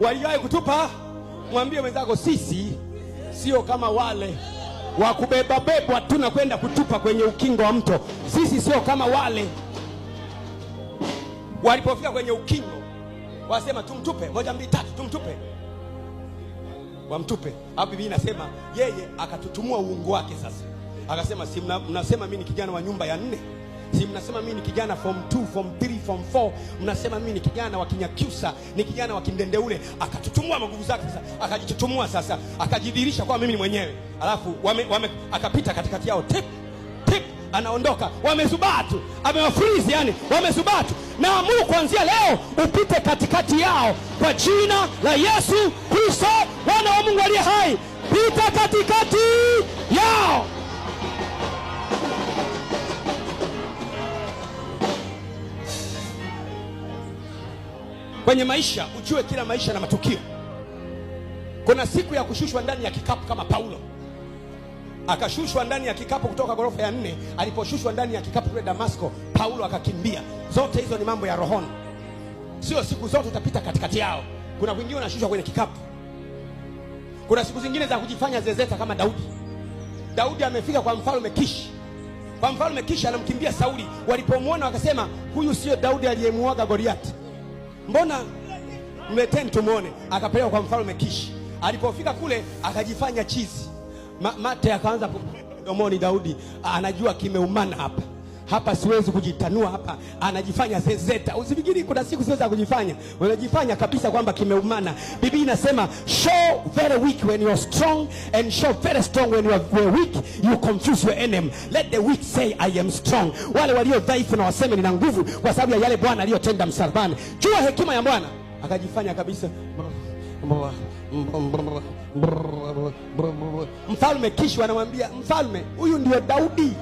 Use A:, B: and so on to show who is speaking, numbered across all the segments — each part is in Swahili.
A: waliwahi kutupa. Mwambie mwenzako, sisi sio kama wale wa kubeba bebwa tu na kwenda kutupa kwenye ukingo wa mto. Sisi sio kama wale. Walipofika kwenye ukingo, wasema tumtupe, moja mbili tatu, tumtupe wamtupe hapo. Bibi nasema yeye akatutumua uungu wake. Sasa akasema si mnasema mimi ni kijana wa nyumba ya nne si mnasema mimi ni kijana form 2 form 3 form 4 mnasema mimi ni kijana wa kinyakyusa ni kijana wa ule akatutumua maguvu zake sasa akajitutumua sasa akajidhirisha kwa mimi mwenyewe alafu wame, wame, akapita katikati yao tip tip anaondoka wamezubatu amewafurizi yani wamezubatu naamuru kuanzia leo upite katikati yao kwa jina la yesu kristo wana wa mungu aliye hai pita katikati yao kwenye maisha ujue kila maisha na matukio. Kuna siku ya kushushwa ndani ya kikapu kama Paulo akashushwa ndani ya kikapu kutoka ghorofa ya nne. Aliposhushwa ndani ya kikapu kule Damasko, Paulo akakimbia. Zote hizo ni mambo ya rohoni, sio siku zote utapita katikati yao. Kuna kwingine unashushwa kwenye kikapu, kuna siku zingine za kujifanya zezeta kama Daudi. Daudi amefika kwa mfalme Kishi, kwa mfalme Kishi anamkimbia Sauli. Walipomwona wakasema, huyu sio Daudi aliyemuaga Goliati mbona mleteni tumwone. Akapelekwa kwa mfalme Kishi. Alipofika kule akajifanya chizi, mate akaanza kumdomoni. Daudi anajua kimeumana hapa hapa siwezi kujitanua hapa, anajifanya zezeta. Usifikiri kuna siku siweza kujifanya, unajifanya kabisa kwamba kimeumana. Biblia inasema show very weak when you are strong and show very strong when you are weak, you confuse your enemy. Let the weak say I am strong, wale walio dhaifu na waseme nina nguvu kwa sababu ya yale Bwana aliyotenda msalabani. Jua hekima ya Bwana, akajifanya kabisa Mfalme Kishu anamwambia mfalme, huyu ndio Daudi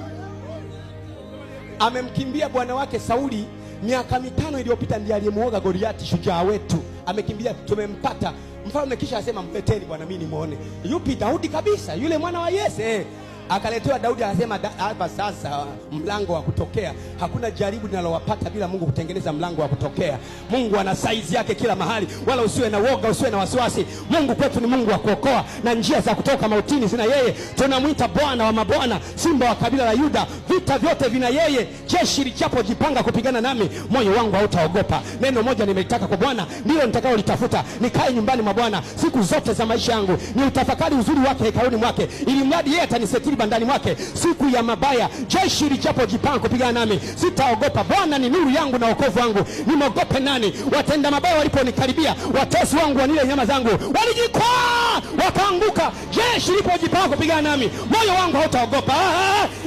A: amemkimbia bwana wake Sauli miaka mitano iliyopita, ndiye aliyemuoga Goliati, shujaa wetu, amekimbia, tumempata. Mfalme kisha asema, mleteni bwana, mimi nimuone. Yupi? Daudi kabisa, yule mwana wa Yese. Akaletewa Daudi akasema, hapa sasa mlango wa kutokea. Hakuna jaribu linalowapata bila Mungu kutengeneza mlango wa kutokea. Mungu ana saizi yake kila mahali, wala usiwe na woga, usiwe na wasiwasi. Mungu kwetu ni Mungu wa kuokoa, na njia za kutoka mautini zina yeye. Tunamwita Bwana wa mabwana, Simba wa kabila la Yuda. Vita vyote vina yeye. Jeshi lichapojipanga jipanga kupigana nami, moyo wangu hautaogopa. Neno moja nimelitaka kwa Bwana, ndilo nitakalolitafuta, nikae nyumbani mwa Bwana siku zote za maisha yangu, ni utafakari uzuri wake hekaluni mwake, ili mradi yeye atanisetiri mwiba ndani mwake siku ya mabaya. Jeshi lijapo jipanga kupigana nami sitaogopa. Bwana ni nuru yangu na wokovu wangu, nimeogope nani? Watenda mabaya waliponikaribia, watesi wangu wanile nyama zangu, walijikwaa wakaanguka. Jeshi lipojipanga kupigana nami, moyo wangu hautaogopa.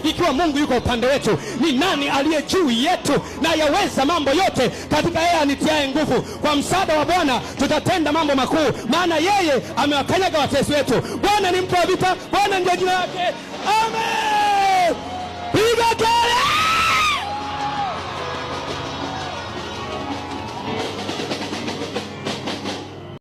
A: ikiwa Mungu yuko upande wetu, ni nani aliye juu yetu? Na yaweza mambo yote katika yeye anitiae nguvu. Kwa msaada wa Bwana tutatenda mambo makuu, maana yeye amewakanyaga watesi wetu. Bwana ni mtu wa vita, Bwana ndio jina lake. Amém! Brigadeiro!